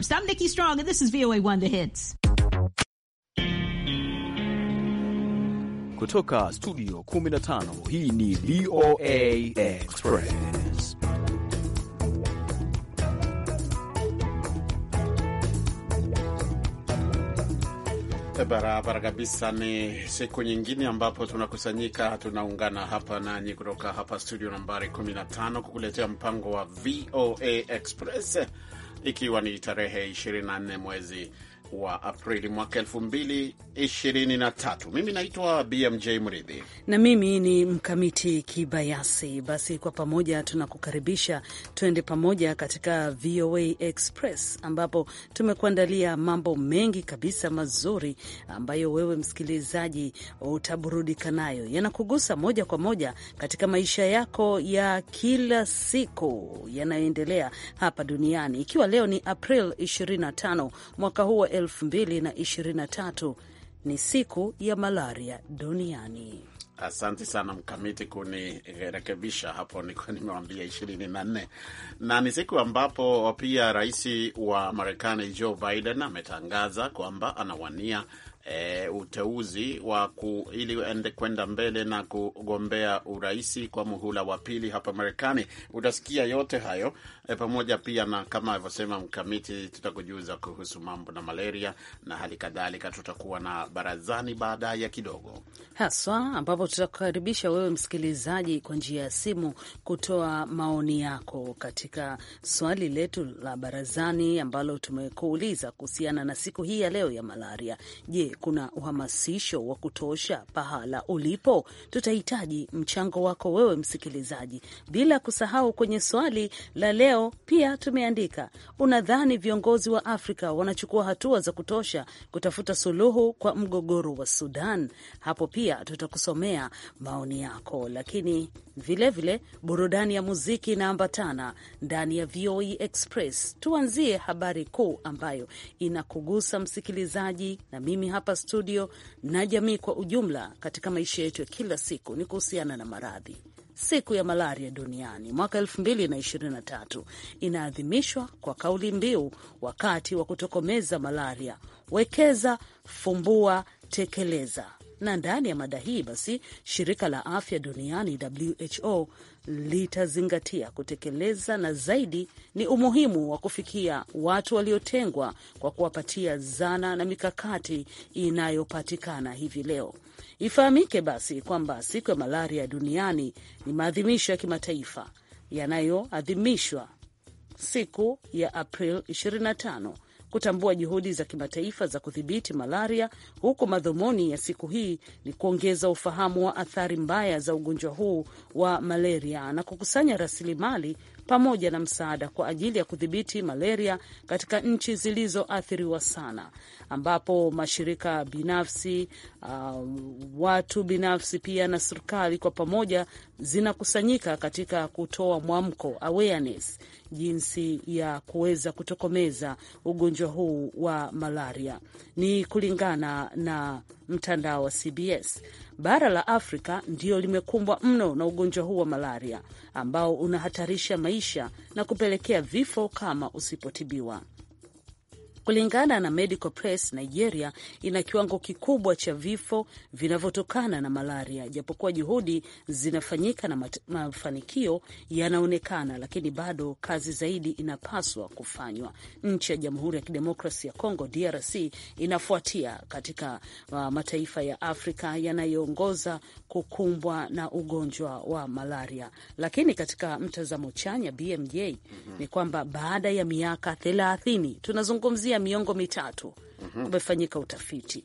I'm Nikki Strong, and this is VOA1 The Hits. Kutoka studio 15, hii ni VOA Express. Eh, barabara kabisa. Ni siku nyingine ambapo tunakusanyika, tunaungana hapa nanyi kutoka hapa studio nambari 15 kukuletea mpango wa VOA Express ikiwa ni tarehe 24 mwezi wa Aprili mwaka 2023. Mimi naitwa BMJ Mridhi na mimi ni Mkamiti Kibayasi. Basi kwa pamoja tunakukaribisha tuende pamoja katika VOA Express ambapo tumekuandalia mambo mengi kabisa mazuri ambayo wewe msikilizaji utaburudika nayo, yanakugusa moja kwa moja katika maisha yako ya kila siku yanayoendelea hapa duniani, ikiwa leo ni April 25 mwaka huu wa 2023 ni siku ya malaria duniani. Asante sana Mkamiti kunirekebisha hapo, nikuwa nimewambia ishirini na nne na ni siku ambapo pia rais wa Marekani Joe Biden ametangaza kwamba anawania e, uteuzi wa ku, ili kwenda mbele na kugombea uraisi kwa muhula wa pili hapa Marekani. Utasikia yote hayo e, pamoja pia na kama alivyosema mkamiti, tutakujuza kuhusu mambo na malaria na hali kadhalika. Tutakuwa na barazani baadaye kidogo haswa, ambapo tutakukaribisha wewe msikilizaji kwa njia ya simu kutoa maoni yako katika swali letu la barazani ambalo tumekuuliza kuhusiana na siku hii ya leo ya malaria. Je, kuna uhamasisho wa kutosha pahala ulipo? Tutahitaji mchango wako wewe, msikilizaji, bila kusahau kwenye swali la leo pia tumeandika, unadhani viongozi wa Afrika wanachukua hatua za kutosha kutafuta suluhu kwa mgogoro wa Sudan? Hapo pia tutakusomea maoni yako, lakini vilevile vile, burudani ya muziki inaambatana ndani ya VOE Express. Tuanzie habari kuu ambayo inakugusa msikilizaji, na mimi hapa hapa studio na jamii kwa ujumla katika maisha yetu ya kila siku ni kuhusiana na maradhi. Siku ya malaria duniani mwaka 2023 inaadhimishwa kwa kauli mbiu, wakati wa kutokomeza malaria, wekeza, fumbua, tekeleza na ndani ya mada hii basi, shirika la afya duniani WHO litazingatia kutekeleza na zaidi ni umuhimu wa kufikia watu waliotengwa kwa kuwapatia zana na mikakati inayopatikana hivi leo. Ifahamike basi kwamba siku ya malaria duniani ni maadhimisho ya kimataifa yanayoadhimishwa siku ya April 25 kutambua juhudi za kimataifa za kudhibiti malaria, huku madhumuni ya siku hii ni kuongeza ufahamu wa athari mbaya za ugonjwa huu wa malaria na kukusanya rasilimali pamoja na msaada kwa ajili ya kudhibiti malaria katika nchi zilizoathiriwa sana, ambapo mashirika binafsi uh, watu binafsi pia na serikali kwa pamoja zinakusanyika katika kutoa mwamko awareness jinsi ya kuweza kutokomeza ugonjwa huu wa malaria ni kulingana na mtandao wa CBS. Bara la Afrika ndiyo limekumbwa mno na ugonjwa huu wa malaria ambao unahatarisha maisha na kupelekea vifo kama usipotibiwa. Kulingana na Medical Press, Nigeria ina kiwango kikubwa cha vifo vinavyotokana na malaria, japokuwa juhudi zinafanyika na mafanikio yanaonekana, lakini bado kazi zaidi inapaswa kufanywa. Nchi ya Jamhuri ya Kidemokrasi ya Kongo, DRC, inafuatia katika uh, mataifa ya Afrika yanayoongoza kukumbwa na ugonjwa wa malaria. Lakini katika mtazamo chanya BMJ, mm -hmm. ni kwamba baada ya miaka thelathini tunazungumzia ya miongo mitatu mhm. umefanyika utafiti.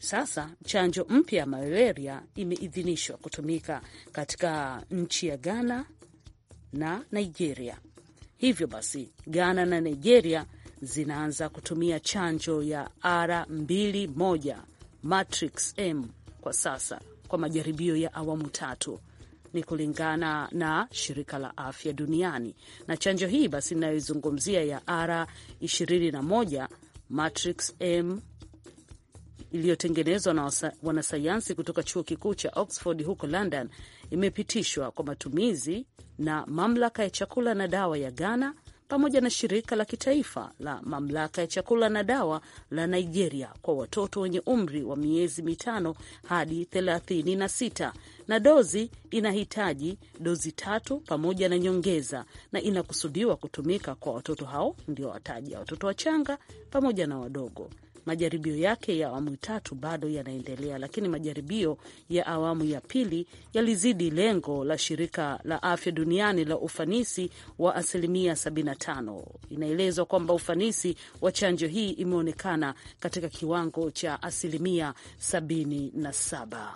Sasa chanjo mpya ya malaria imeidhinishwa kutumika katika nchi ya Ghana na Nigeria. Hivyo basi, Ghana na Nigeria zinaanza kutumia chanjo ya R21 Matrix M kwa sasa kwa majaribio ya awamu tatu ni kulingana na shirika la afya duniani. Na chanjo hii basi inayoizungumzia ya R21 Matrix M iliyotengenezwa na wanasayansi kutoka chuo kikuu cha Oxford huko London imepitishwa kwa matumizi na mamlaka ya chakula na dawa ya Ghana pamoja na shirika la kitaifa la mamlaka ya chakula na dawa la Nigeria kwa watoto wenye umri wa miezi mitano hadi 36 na dozi inahitaji dozi tatu pamoja na nyongeza, na inakusudiwa kutumika kwa watoto hao ndio wataja, watoto wachanga pamoja na wadogo. Majaribio yake ya awamu tatu bado yanaendelea, lakini majaribio ya awamu ya pili yalizidi lengo la shirika la afya duniani la ufanisi wa asilimia 75. Inaelezwa kwamba ufanisi wa chanjo hii imeonekana katika kiwango cha asilimia 77.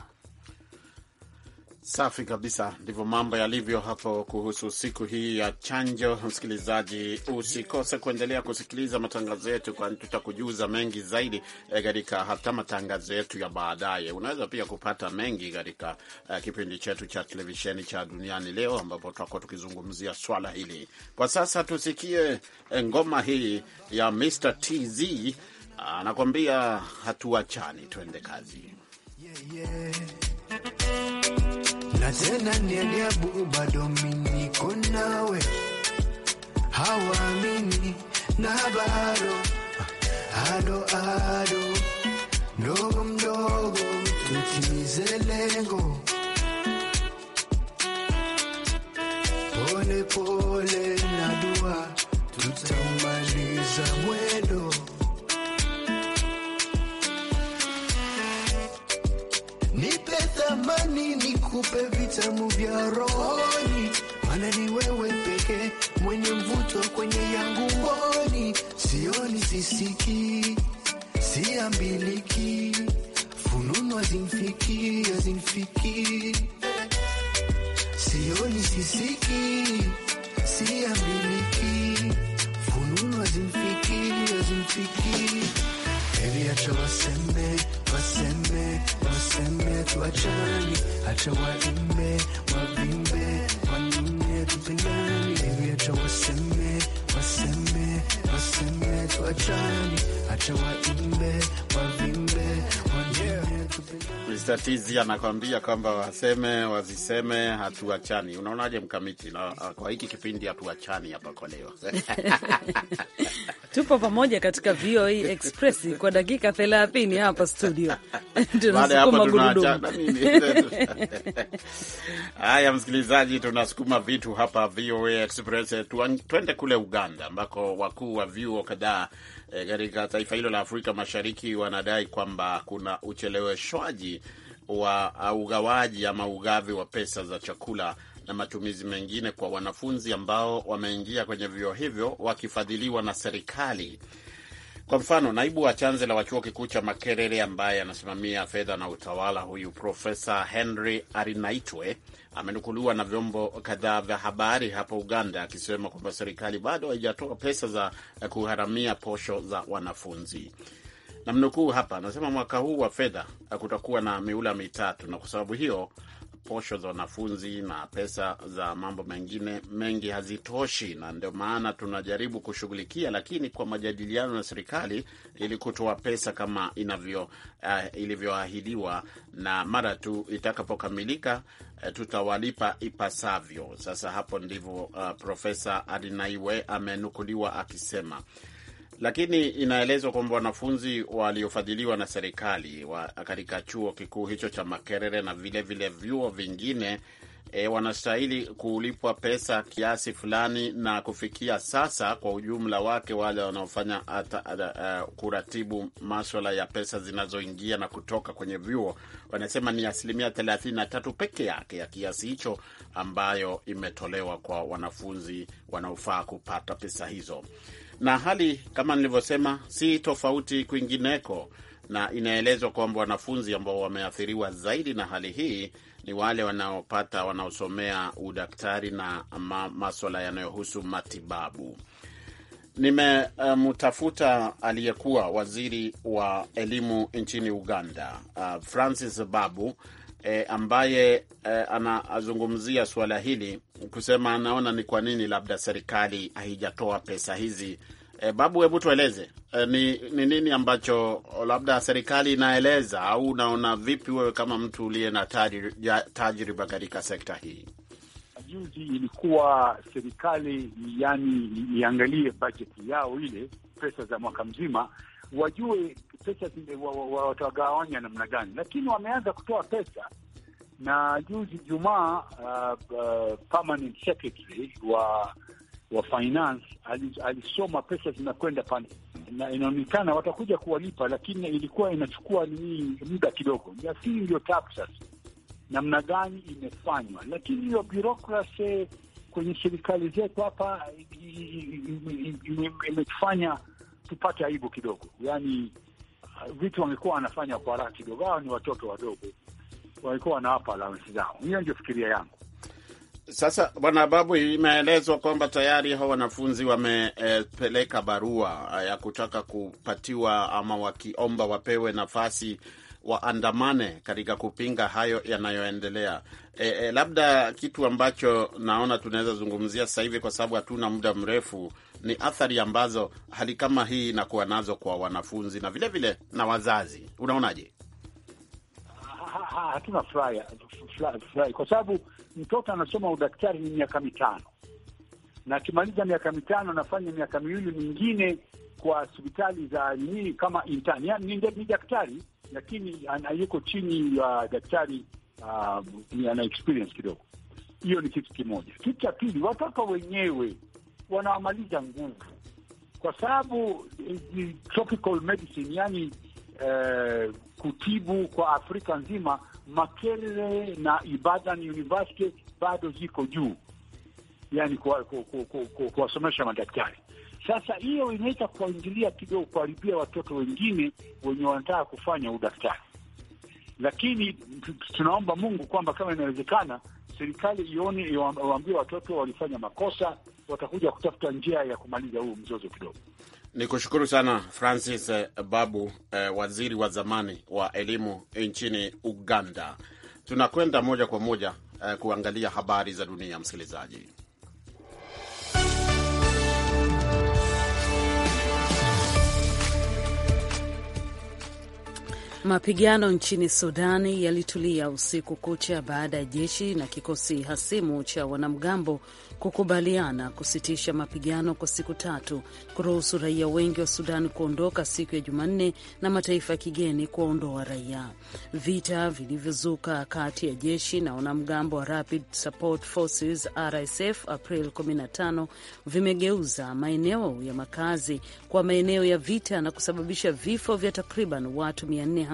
Safi kabisa, ndivyo mambo yalivyo hapo kuhusu siku hii ya chanjo. Msikilizaji, usikose kuendelea kusikiliza matangazo yetu, kwani tutakujuza mengi zaidi eh, katika hata matangazo yetu ya baadaye. Unaweza pia kupata mengi katika uh, kipindi chetu cha televisheni cha Duniani Leo, ambapo tutakuwa tukizungumzia swala hili. Kwa sasa tusikie eh, ngoma hii ya Mr TZ anakuambia hatuachani, tuende kazi. yeah, yeah na tena ni adabu, bado mimi nawe, hawamini na bado ado ado mdogo mdogo tutimize lengo pole pole na dua tutamaliza mwendo nipe thamani nikupe vitamu vya rohoni, maana ni wewe pekee mwenye mvuto kwenye yangu ngoni. Sioni, sisiki, siambiliki, fununu azimfiki, azimfiki, sioni, sisiki, siambiliki, fununu azimfiki, azimfiki Baby acha waseme, waseme, waseme tuachane, acha waime, wavimbe, wanine tupendane. Baby acha waseme, waseme, waseme tuachane, acha waime, wavimbe, wanine Mr. Tizi anakwambia kwamba waseme waziseme, hatuachani. Unaonaje mkamiti? Na ah, kwa hiki kipindi hatuachani hapa kwa leo tupo pamoja katika VOA e Express kwa dakika thelathini hapa studio tunasukuma gurudumu haya. Msikilizaji, tunasukuma vitu hapa VOA e Express. Twende kule Uganda ambako wakuu wa vyuo kadhaa eh, katika e, taifa hilo la Afrika Mashariki wanadai kwamba kuna uchelewesh uhamasishwaji wa uh, ugawaji ama ugavi wa pesa za chakula na matumizi mengine kwa wanafunzi ambao wameingia kwenye vyuo hivyo wakifadhiliwa na serikali. Kwa mfano, naibu wa chansela wa chuo kikuu cha Makerere ambaye anasimamia fedha na utawala, huyu Profesa Henry Arinaitwe amenukuliwa na vyombo kadhaa vya habari hapo Uganda akisema kwamba serikali bado haijatoa pesa za kuharamia posho za wanafunzi namnukuu hapa, anasema mwaka huu wa fedha kutakuwa na miula mitatu, na kwa sababu hiyo posho za wanafunzi na pesa za mambo mengine mengi hazitoshi, na ndio maana tunajaribu kushughulikia, lakini kwa majadiliano na serikali ili kutoa pesa kama inavyo uh, ilivyoahidiwa, na mara tu itakapokamilika uh, tutawalipa ipasavyo. Sasa hapo ndivyo uh, Profesa Adinaiwe amenukuliwa akisema. Lakini inaelezwa kwamba wanafunzi waliofadhiliwa na serikali wa katika chuo kikuu hicho cha Makerere na vilevile vyuo vingine e, wanastahili kulipwa pesa kiasi fulani, na kufikia sasa kwa ujumla wake wale wanaofanya uh, kuratibu maswala ya pesa zinazoingia na kutoka kwenye vyuo wanasema ni asilimia 33 peke yake ya kiasi hicho ambayo imetolewa kwa wanafunzi wanaofaa kupata pesa hizo na hali kama nilivyosema si tofauti kwingineko, na inaelezwa kwamba wanafunzi ambao wameathiriwa zaidi na hali hii ni wale wanaopata wanaosomea udaktari na maswala yanayohusu matibabu. Nimemtafuta uh, aliyekuwa waziri wa elimu nchini Uganda, uh, Francis Babu e, ambaye e, anazungumzia suala hili kusema anaona ni kwa nini labda serikali haijatoa pesa hizi. E, Babu, hebu tueleze e, ni, ni nini ambacho labda serikali inaeleza au unaona vipi wewe kama mtu uliye na tajriba katika sekta hii? Juzi ilikuwa serikali yani iangalie bajeti yao ile pesa za mwaka mzima wajue pesa watagawanya namna gani, lakini wameanza kutoa pesa na juzi Jumaa, uh, uh, permanent secretary wa wa finance alisoma pesa zinakwenda pande na inaonekana watakuja kuwalipa, lakini ilikuwa inachukua nini muda kidogo. Hii ndio tabu sasa, namna gani imefanywa, lakini hiyo birokrasi kwenye serikali zetu hapa imefanya tupate aibu kidogo, yaani uh, vitu wangekuwa wanafanya kwa raha kidogo. Hawa ni watoto wadogo, walikuwa wanawapa allowance zao. Hiyo ndio fikiria yangu. Sasa bwana Babu, imeelezwa kwamba tayari hao wanafunzi wamepeleka e, barua uh, ya kutaka kupatiwa ama wakiomba wapewe nafasi waandamane katika kupinga hayo yanayoendelea. E, e, labda kitu ambacho naona tunaweza zungumzia sasa hivi kwa sababu hatuna muda mrefu ni athari ambazo hali kama hii inakuwa nazo kwa wanafunzi na vilevile vile na wazazi. Unaonaje? Hatuna furahi kwa sababu mtoto anasoma udaktari ni miaka mitano, na akimaliza miaka mitano anafanya miaka miwili mingine kwa hospitali za nini kama intern, yani ni daktari lakini yuko chini ya uh, daktari uh, ana experience kidogo. Hiyo ni kitu kimoja. Kitu cha pili, watoto wenyewe wanawamaliza nguvu, kwa sababu eh, tropical medicine, yani eh, kutibu kwa Afrika nzima. Makerere na Ibadan University bado ziko juu, yani kuwasomesha madaktari. Sasa hiyo inaweza kuingilia kidogo, kuharibia watoto wengine wenye wanataka kufanya udaktari, lakini tunaomba Mungu kwamba kama inawezekana serikali ione, waambie watoto walifanya makosa, watakuja kutafuta njia ya kumaliza huu mzozo kidogo. Ni kushukuru sana Francis eh, Babu eh, waziri wa zamani wa elimu nchini Uganda. Tunakwenda moja kwa moja eh, kuangalia habari za dunia, msikilizaji. Mapigano nchini Sudani yalitulia usiku kucha baada ya jeshi na kikosi hasimu cha wanamgambo kukubaliana kusitisha mapigano kwa siku tatu, kuruhusu raia wengi wa Sudan kuondoka siku ya Jumanne na mataifa ya kigeni kuwaondoa raia. Vita vilivyozuka kati ya jeshi na wanamgambo wa Rapid Support Forces RSF April 15 vimegeuza maeneo ya makazi kwa maeneo ya vita na kusababisha vifo vya takriban watu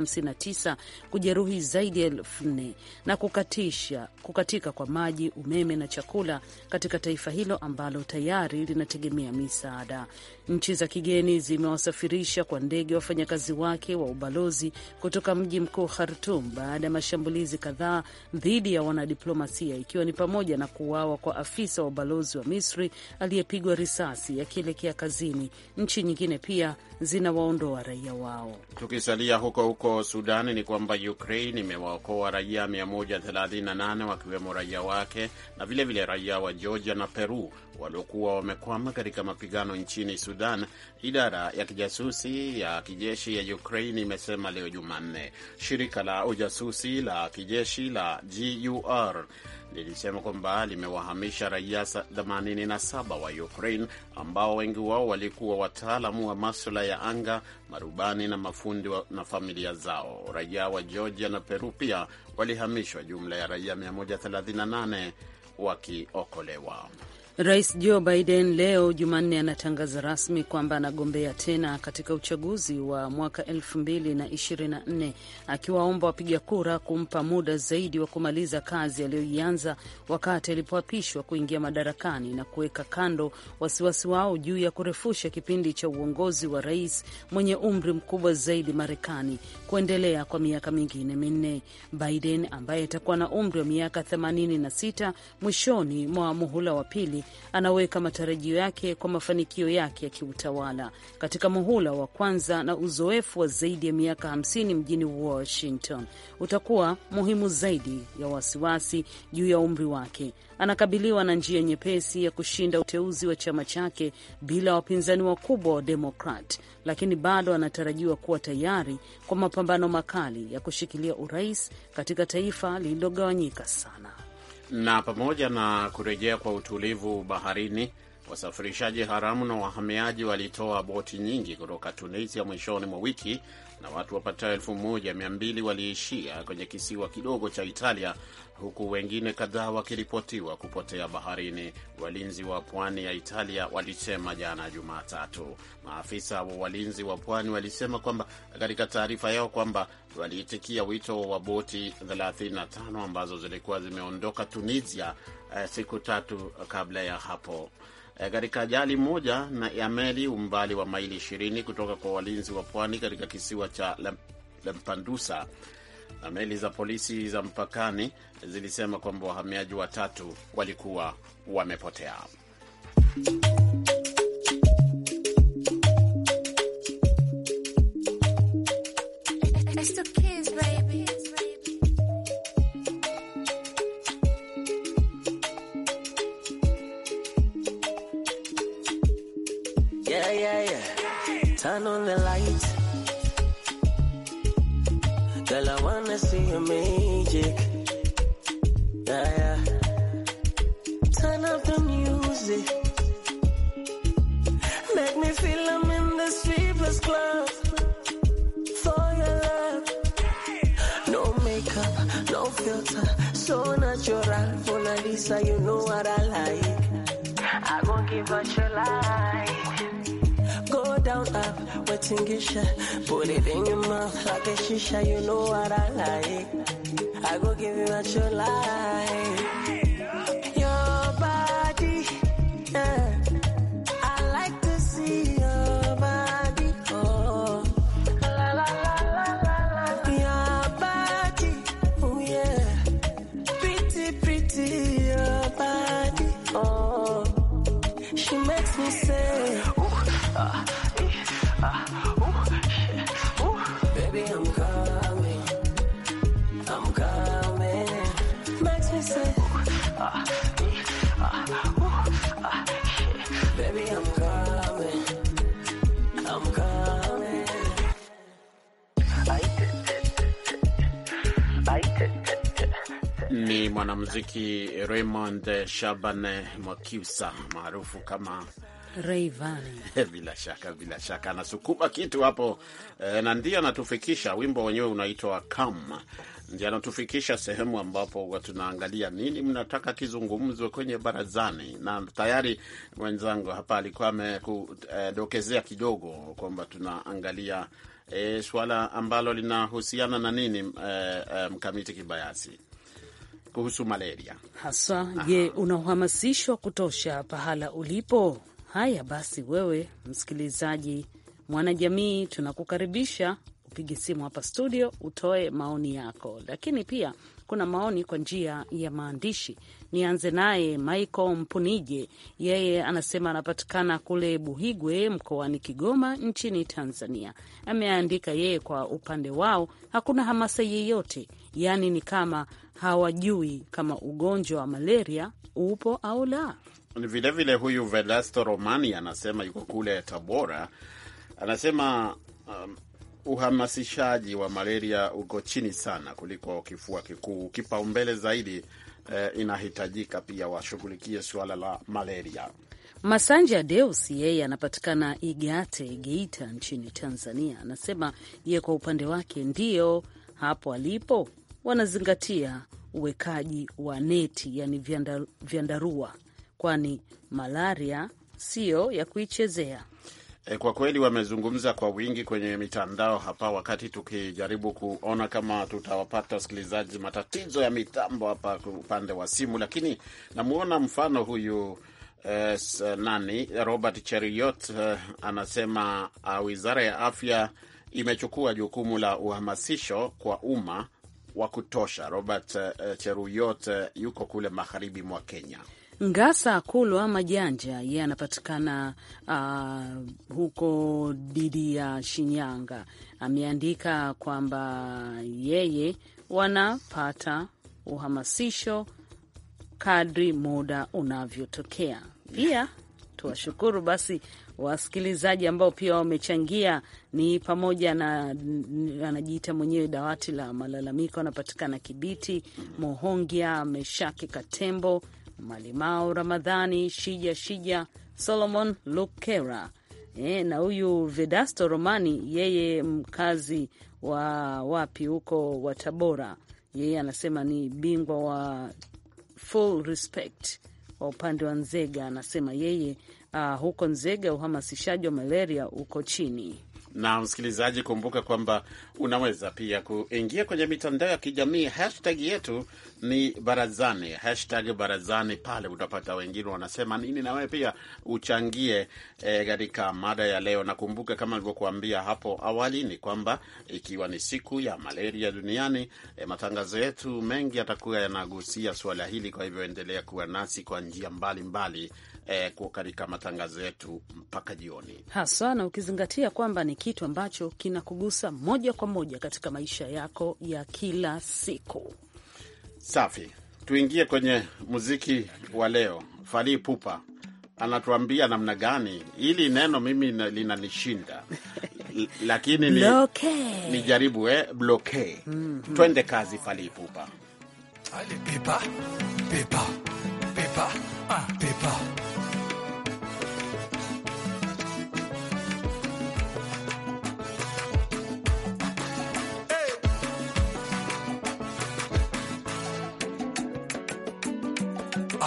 59 kujeruhi zaidi ya elfu nne na kukatisha, kukatika kwa maji, umeme na chakula katika taifa hilo ambalo tayari linategemea misaada. Nchi za kigeni zimewasafirisha kwa ndege wafanyakazi wake wa ubalozi kutoka mji mkuu Khartum baada ya mashambulizi kadhaa dhidi ya wanadiplomasia, ikiwa ni pamoja na kuuawa kwa afisa wa ubalozi wa Misri aliyepigwa risasi akielekea kazini. Nchi nyingine pia zinawaondoa raia wao. Tukisalia huko huko Sudani, ni kwamba Ukraine imewaokoa raia 138 wakiwemo raia wake na vilevile vile raia wa Georgia na Peru waliokuwa wamekwama katika mapigano nchini Sudani Sudan, idara ya kijasusi ya kijeshi ya Ukraine imesema leo Jumanne. Shirika la ujasusi la kijeshi la GUR lilisema kwamba limewahamisha raia 87 wa Ukraine ambao wengi wao walikuwa wataalamu wa maswala ya anga, marubani na mafundi wa, na familia zao. Raia wa Georgia na Peru pia walihamishwa, jumla ya raia 138 wakiokolewa. Rais Joe Biden leo Jumanne anatangaza rasmi kwamba anagombea tena katika uchaguzi wa mwaka 2024 akiwaomba wapiga kura kumpa muda zaidi wa kumaliza kazi aliyoianza wakati alipoapishwa kuingia madarakani na kuweka kando wasiwasi wao juu ya kurefusha kipindi cha uongozi wa rais mwenye umri mkubwa zaidi Marekani kuendelea kwa miaka mingine minne. Biden ambaye atakuwa na umri wa miaka 86 mwishoni mwa muhula wa pili anaweka matarajio yake kwa mafanikio yake ya kiutawala katika muhula wa kwanza, na uzoefu wa zaidi ya miaka 50 mjini Washington utakuwa muhimu zaidi ya wasiwasi juu ya umri wake. Anakabiliwa na njia nyepesi ya kushinda uteuzi wa chama chake bila wapinzani wakubwa wa Demokrat, lakini bado anatarajiwa kuwa tayari kwa mapambano makali ya kushikilia urais katika taifa lililogawanyika sana na pamoja na kurejea kwa utulivu baharini Wasafirishaji haramu na wahamiaji walitoa boti nyingi kutoka Tunisia mwishoni mwa wiki na watu wapatao mbili waliishia kwenye kisiwa kidogo cha Italia, huku wengine kadhaa wakiripotiwa kupotea baharini, walinzi wa pwani ya Italia walisema jana Jumatatu. Maafisa wa walinzi wa pwani walisema kwamba katika taarifa yao kwamba waliitikia wito wa boti 35 ambazo zilikuwa zimeondoka Tunisia eh, siku tatu kabla ya hapo. Eh, katika ajali moja na ya meli umbali wa maili ishirini kutoka kwa walinzi wa pwani katika kisiwa cha Lampedusa. Na meli za polisi za mpakani zilisema kwamba wahamiaji watatu walikuwa wamepotea. Yeah, yeah, yeah. Turn on the light. Girl, I wanna see your magic. Yeah, yeah. Turn up the music. Make me feel I'm in the sleepless club. For your love. No makeup, no filter. So natural. Mona Lisa, you know what I like. I gon' give what your life down up, uh, watingisha. Put it in your mouth like a shisha, you know what I like. I go give you what you like. Your body, yeah. I like to see your body, oh. La la la la la Your body, oh yeah. Pretty, pretty, your body, oh. She makes me say, ooh, uh. mwanamuziki Raymond Shaban Mwakiusa maarufu kama Rayvanny. bila shaka, bila shaka anasukuma kitu hapo e, na ndiye anatufikisha. Wimbo wenyewe unaitwa Come, ndiye anatufikisha sehemu ambapo tunaangalia nini mnataka kizungumzwe kwenye barazani, na tayari mwenzangu hapa alikuwa amekudokezea e, kidogo kwamba tunaangalia e, eh, suala ambalo linahusiana na nini e, e, mkamiti kibayasi kuhusu malaria haswa. Je, una uhamasisho wa kutosha pahala ulipo? Haya basi, wewe msikilizaji, mwanajamii, tunakukaribisha upige simu hapa studio utoe maoni yako, lakini pia kuna maoni kwa njia ya maandishi. Nianze naye Michael Mpunije, yeye anasema anapatikana kule Buhigwe mkoani Kigoma nchini Tanzania. Ameandika yeye kwa upande wao hakuna hamasa yeyote, yaani ni kama hawajui kama ugonjwa wa malaria upo au la. Vilevile vile huyu Vedasto Romani anasema yuko kule Tabora, anasema um, uhamasishaji wa malaria uko chini sana kuliko kifua kikuu. Kipaumbele zaidi eh, inahitajika pia washughulikie suala la malaria. Masanja deus yeye anapatikana Igate, Geita nchini Tanzania, anasema ye kwa upande wake ndio hapo alipo wanazingatia uwekaji wa neti, yani vyandarua, kwani malaria siyo ya kuichezea. E, kwa kweli wamezungumza kwa wingi kwenye mitandao hapa, wakati tukijaribu kuona kama tutawapata wasikilizaji. Matatizo ya mitambo hapa upande wa simu, lakini namuona mfano huyu eh, nani Robert Cheriot eh, anasema uh, wizara ya afya imechukua jukumu la uhamasisho kwa umma wa kutosha. Robert uh, eh, eh, Cheruyot uh, eh, yuko kule magharibi mwa Kenya. Ngasa Kulwa Majanja yeye anapatikana uh, huko dhidi ya Shinyanga, ameandika kwamba yeye wanapata uhamasisho kadri muda unavyotokea. Pia tuwashukuru basi wasikilizaji ambao pia wamechangia, ni pamoja na anajiita mwenyewe dawati la malalamiko, anapatikana Kibiti, Mohongia Meshaki, Katembo Malimao, Ramadhani Shija Shija, Solomon Lukera. E, na huyu Vedasto Romani yeye mkazi wa wapi huko wa Tabora, yeye anasema ni bingwa wa full respect wa upande wa Nzega anasema yeye uh, huko Nzega uhamasishaji wa malaria uko chini. Na msikilizaji, kumbuka kwamba unaweza pia kuingia kwenye mitandao ya kijamii, hashtag yetu ni barazani, hashtag barazani. Pale utapata wengine wanasema nini, na wewe pia uchangie eh, katika e, mada ya leo. Nakumbuka kama nilivyokuambia hapo awali ni kwamba ikiwa ni siku ya malaria duniani e, matangazo yetu mengi yatakuwa yanagusia suala hili. Kwa hivyo endelea kuwa nasi kwa njia mbalimbali e, katika matangazo yetu mpaka jioni haswa, na ukizingatia kwamba ni kitu ambacho kinakugusa moja kwa moja katika maisha yako ya kila siku. Safi, tuingie kwenye muziki wa leo. Fally Pupa anatuambia namna gani? Hili neno mimi linanishinda lakini ni, ni jaribu eh, bloke mm -hmm. Twende kazi, Fally Pupa. Fally Pipa, Pipa, Pipa, ah, Pipa.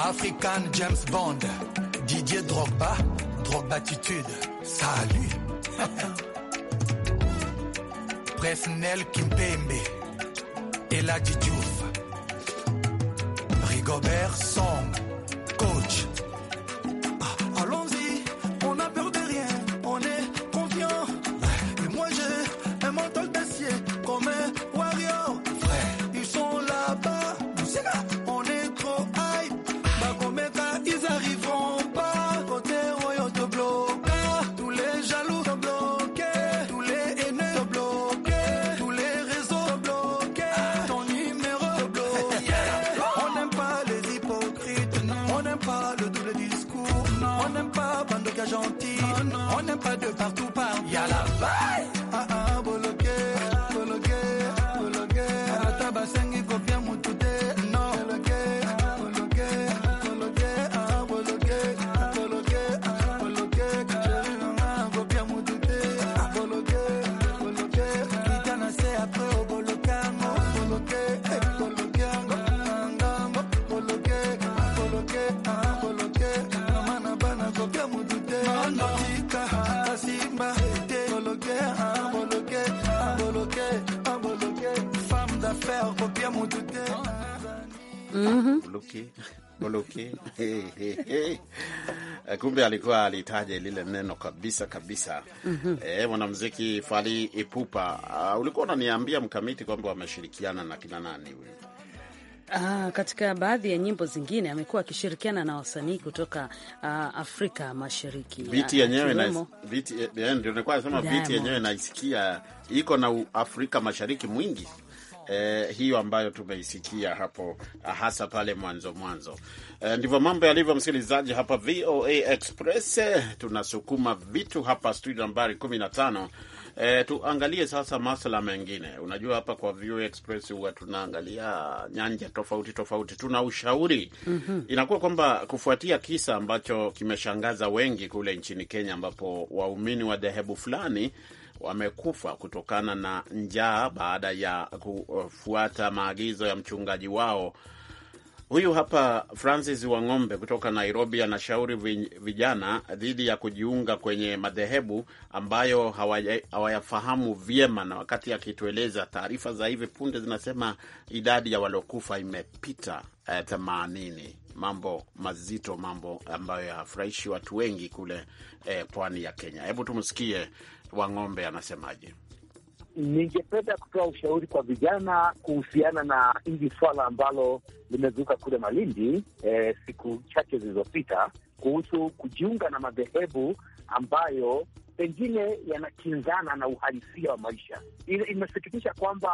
African James Bond, Didier Drogba, Drogbatitude, salut. Presnel Kimpembe, Eladi Diouf, Rigobert Song. boloke boloke. Kumbe alikuwa alitaja lile neno kabisa kabisa. mm -hmm. E, mwanamuziki Fali Ipupa, uh, ulikuwa unaniambia mkamiti kwamba wameshirikiana na kina nani huyu? Ah, katika baadhi ya nyimbo zingine amekuwa akishirikiana na wasanii kutoka uh, Afrika Mashariki. Biti ah, yenyewe na biti eh, ndio nilikuwa nasema, biti yenyewe naisikia iko na Afrika Mashariki mwingi eh, hiyo ambayo tumeisikia hapo ah, hasa pale mwanzo mwanzo. Eh, ndivyo mambo yalivyo, msikilizaji, hapa VOA Express tunasukuma vitu hapa studio nambari kumi na tano. E, tuangalie sasa masuala mengine. Unajua, hapa kwa VOA Express huwa tunaangalia nyanja tofauti tofauti, tuna ushauri mm -hmm. Inakuwa kwamba kufuatia kisa ambacho kimeshangaza wengi kule nchini Kenya, ambapo waumini wa dhehebu fulani wamekufa kutokana na njaa baada ya kufuata maagizo ya mchungaji wao. Huyu hapa Francis Wang'ombe kutoka Nairobi anashauri vijana dhidi ya kujiunga kwenye madhehebu ambayo hawayafahamu vyema, na wakati akitueleza taarifa za hivi punde zinasema idadi ya waliokufa imepita eh, themanini. Mambo mazito, mambo ambayo yafurahishi watu wengi kule eh, pwani ya Kenya. Hebu tumsikie wa ng'ombe anasemaje? Ningependa kutoa ushauri kwa vijana kuhusiana na hili swala ambalo limezuka kule Malindi e, siku chache zilizopita kuhusu kujiunga na madhehebu ambayo pengine yanakinzana na uhalisia wa maisha. Imesikitisha kwamba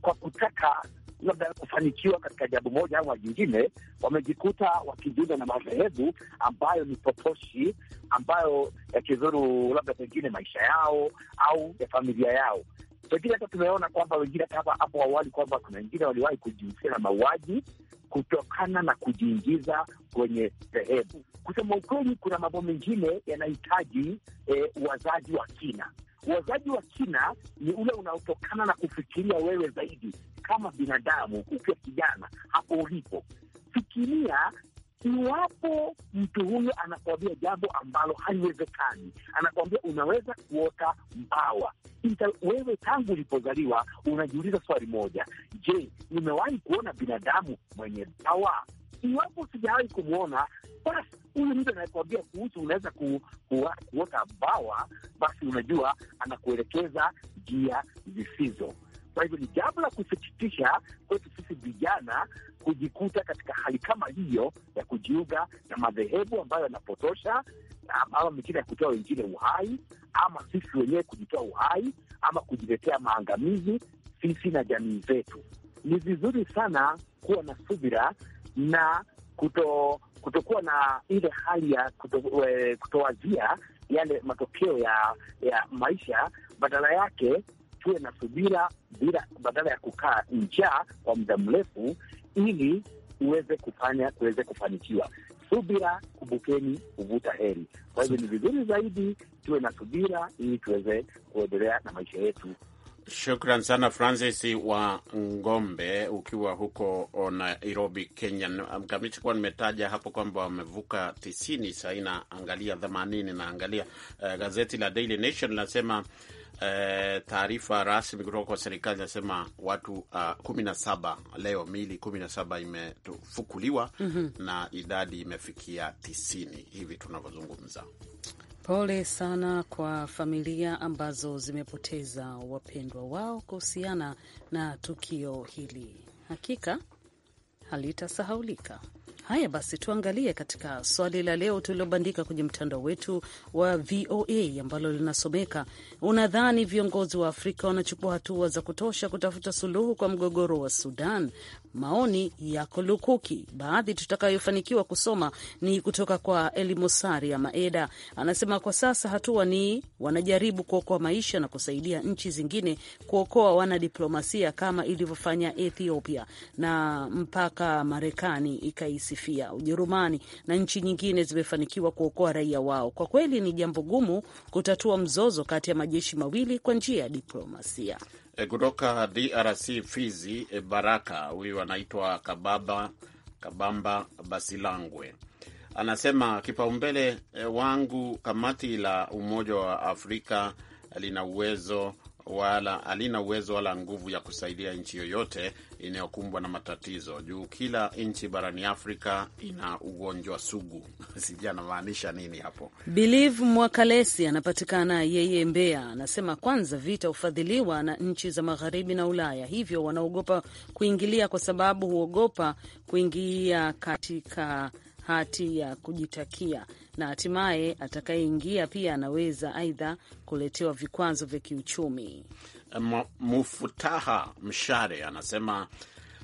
kwa kutaka labda kufanikiwa katika jambo moja au jingine, wamejikuta wakijiunga na madhehebu ambayo ni potoshi, ambayo yakidhuru labda pengine maisha yao au ya familia yao. Pengine hata tumeona kwamba wengine hata hapo awali kwamba kuna wengine waliwahi kujihusisha na mauaji kutokana na kujiingiza kwenye dhehebu. Kusema ukweli, kuna mambo mengine yanahitaji eh, uwazaji wa kina Uwazaji wa kina ni ule unaotokana na kufikiria wewe zaidi kama binadamu, ukiwa kijana hapo ulipo. Fikiria iwapo mtu huyo anakuambia jambo ambalo haliwezekani, anakuambia unaweza kuota mbawa. Wewe tangu ulipozaliwa unajiuliza swali moja, je, nimewahi kuona binadamu mwenye bawa? iwapo sijawahi kumwona, basi huyu mtu anayekuambia kuhusu unaweza ku, ku, kuota bawa, basi unajua anakuelekeza njia zisizo. Kwa hivyo ni jambo la kusikitisha kwetu sisi vijana kujikuta katika hali kama hiyo ya kujiunga na madhehebu ambayo yanapotosha ama mingine ya kutoa wengine uhai ama sisi wenyewe kujitoa uhai ama kujiletea maangamizi sisi na jamii zetu. Ni vizuri sana kuwa na subira na kuto kutokuwa na ile hali ya kuto, e, kutowazia yale matokeo ya ya maisha. Badala yake tuwe na subira bila, badala ya kukaa njaa kwa muda mrefu ili uweze kufanya tuweze kufanikiwa. Subira kubukeni huvuta heri. Kwa hivyo ni vizuri zaidi tuwe na subira ili tuweze kuendelea na maisha yetu Shukran sana Francis wa Ngombe, ukiwa huko Nairobi, Kenya. Mkamiti kuwa nimetaja hapo kwamba wamevuka tisini, saa hii angalia themanini, naangalia uh, eh, gazeti la Daily Nation linasema uh, taarifa rasmi kutoka kwa serikali inasema watu uh, kumi na saba leo, mili kumi na saba imefukuliwa mm -hmm. na idadi imefikia tisini hivi tunavyozungumza. Pole sana kwa familia ambazo zimepoteza wapendwa wao kuhusiana na tukio hili, hakika halitasahaulika. Haya basi, tuangalie katika swali la leo tulilobandika kwenye mtandao wetu wa VOA ambalo linasomeka: unadhani viongozi wa Afrika wanachukua hatua za kutosha kutafuta suluhu kwa mgogoro wa Sudan? Maoni yako lukuki. Baadhi tutakayofanikiwa kusoma ni kutoka kwa Elimosari ya Maeda, anasema kwa sasa hatua ni wanajaribu kuokoa maisha na kusaidia nchi zingine kuokoa wanadiplomasia kama ilivyofanya Ethiopia na mpaka Marekani ikaisifia, Ujerumani na nchi nyingine zimefanikiwa kuokoa raia wao. Kwa kweli ni jambo gumu kutatua mzozo kati ya majeshi mawili kwa njia ya diplomasia. Eh, kutoka DRC Fizi, eh, Baraka huyu anaitwa Kababa Kabamba Basilangwe anasema kipaumbele eh, wangu, kamati la Umoja wa Afrika lina uwezo wala halina uwezo wala nguvu ya kusaidia nchi yoyote inayokumbwa na matatizo juu kila nchi barani Afrika ina ugonjwa sugu. Sijui anamaanisha nini hapo. Biliv Mwakalesi anapatikana yeye Mbeya, anasema kwanza vita hufadhiliwa na nchi za magharibi na Ulaya, hivyo wanaogopa kuingilia kwa sababu huogopa kuingia katika hati ya kujitakia na hatimaye atakayeingia pia anaweza aidha kuletewa vikwazo vya kiuchumi. Mufutaha Mshare anasema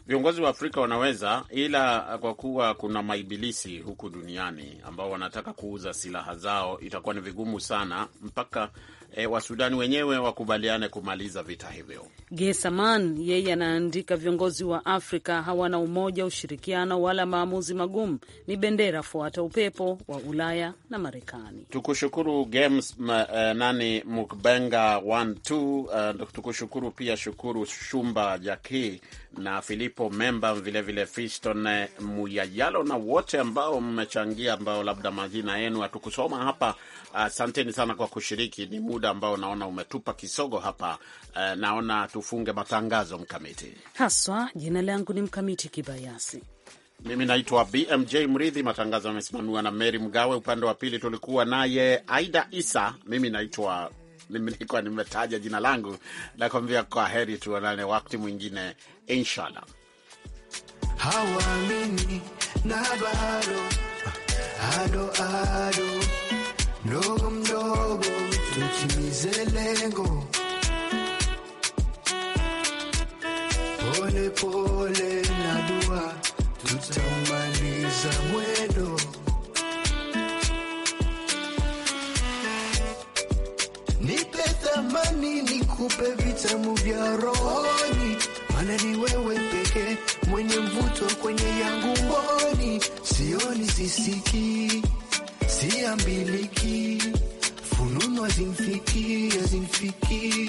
viongozi wa Afrika wanaweza, ila kwa kuwa kuna maibilisi huku duniani ambao wanataka kuuza silaha zao, itakuwa ni vigumu sana mpaka e, Wasudani wenyewe wakubaliane kumaliza vita hivyo. Gesaman yeye anaandika, viongozi wa Afrika hawana umoja, ushirikiano wala maamuzi magumu, ni bendera fuata upepo wa Ulaya na Marekani. Tukushukuru Games e, nani Mukbenga 12 uh, e, tukushukuru pia Shukuru Shumba Jaki na Filipo Memba vilevile Fiston e, Muyayalo na wote ambao mmechangia, ambao labda majina yenu hatukusoma hapa. Asanteni uh, sana kwa kushiriki ni muda ambao naona umetupa kisogo hapa. Uh, naona tufunge matangazo Mkamiti haswa. Jina langu ni Mkamiti Kibayasi. Mimi naitwa BMJ Mridhi. Matangazo yamesimamiwa na Meri Mgawe, upande wa pili tulikuwa naye Aida Isa. Mimi naitwa mimi nilikuwa nimetaja jina langu, nakwambia kwa heri, tuonane wakati mwingine inshallah. na bado ado ado mdogo tutimize lengo pole pole na dua, tutamaliza mwendo nipe thamani vitamu vya rohoni, mana ni wewe peke mwenye mvuto kwenye yangu mboni, sioni sisiki siambiliki Bunu nazin fikir yazin fikir